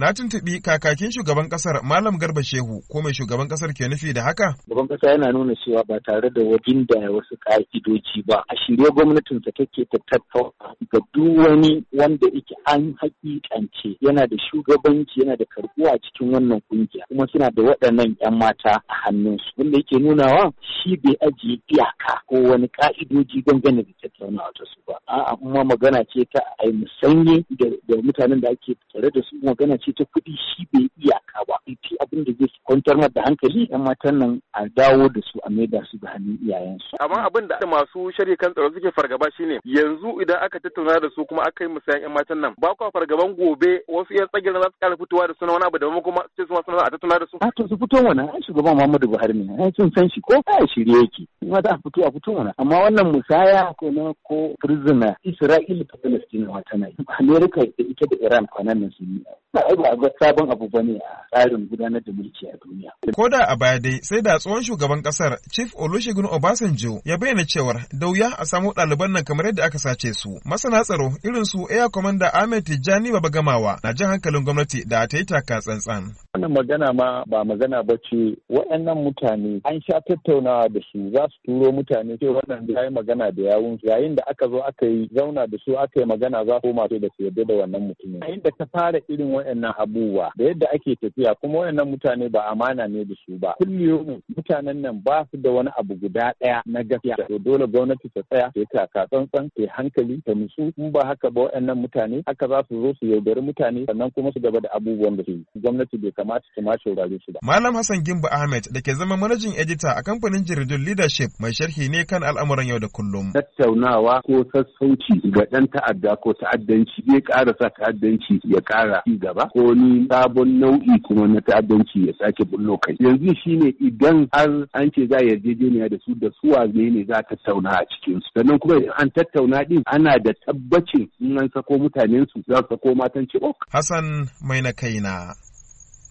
Na tuntuɓi kakakin shugaban ƙasar Malam Garba Shehu ko mai shugaban ƙasar ke nufi da haka? Shugaban ƙasa yana nuna cewa ba tare da wajen da wasu ƙa'idoji ba. A shirye gwamnatin ta take ta tattauna ga duk wani wanda yake an haƙiƙance yana da shugabanci yana da karɓuwa a cikin wannan kungiya kuma suna da waɗannan 'yan mata a hannunsu. Wanda yake nunawa shi bai ajiye iyaka ko wani ƙa'idoji dangane da tattaunawa ta su ba. A'a kuma magana ce ta ai musanye da mutanen da ake tare da su magana ce ce ta kuɗi shi bai iyaka ba ita abin da zai kwantar da hankali yan matan nan a dawo da su a maida su da hannun iyayensu amma abin da masu shari'a kan tsaro suke fargaba shi ne. yanzu idan aka tattauna da su kuma aka yi musayan yan matan nan ba kwa fargaban gobe wasu yan tsagirin za su kara fitowa da suna wani abu da kuma ce su suna a tattauna da su a to su fito mana ai shugaban Muhammadu Buhari ne ai sun san shi ko kai shirye yake in za a fito a fito mana amma wannan musaya ko na ko prisoner Isra'ila ta Palestina wata na Amerika ita da Iran kwanan nan sun yi ba ga sabon abu bane a tsarin gudanar da mulki a duniya. Ko da a baya dai sai da tsohon shugaban kasar Chief Olusegun Obasanjo ya bayyana cewar da wuya a samu ɗaliban nan kamar yadda aka sace su. Masana tsaro irin su Air Commander Ahmed Tijjani Babagamawa na jan hankalin gwamnati da ta yi taka tsantsan. Wannan magana ma ba magana ba ce waɗannan mutane an sha tattaunawa da su za su turo mutane ce wannan ya yi magana da yawun yayin da aka zo aka yi zauna da su aka yi magana za ko masu da su yadda da wannan mutumin. Yayin da ka fara irin waɗannan abubuwa da yadda ake tafiya kuma waɗannan mutane ba amana ne da su ba. Kulliyomu mutanen nan ba su da wani abu guda ɗaya na gaskiya. To dole gwamnati ta tsaya ta yi taka tsantsan ta hankali ta nutsu in ba haka ba waɗannan mutane haka za su zo su yaudari mutane sannan kuma su gaba da abubuwan da su yi. Gwamnati bai kamata su mace saurare su ba. Malam Hassan Gimba Ahmed da ke zama manajin edita a kamfanin jaridun leadership mai sharhi ne kan al'amuran yau da kullum. Tattaunawa ko sassauci ga ɗan ta'adda ko ta'addanci zai ƙara sa ta'addanci ya ƙara ci gaba ko ni sabon nau'i kuma na ta'addanci ya sake bullo kai. Yanzu shine idan har an ce za a yarjejeniya da su da su wane ne za a tattauna a cikin su. Sannan kuma an tattauna din ana da tabbacin in an sako mutanen su za su sako matan ci ok. Hassan mai na kaina.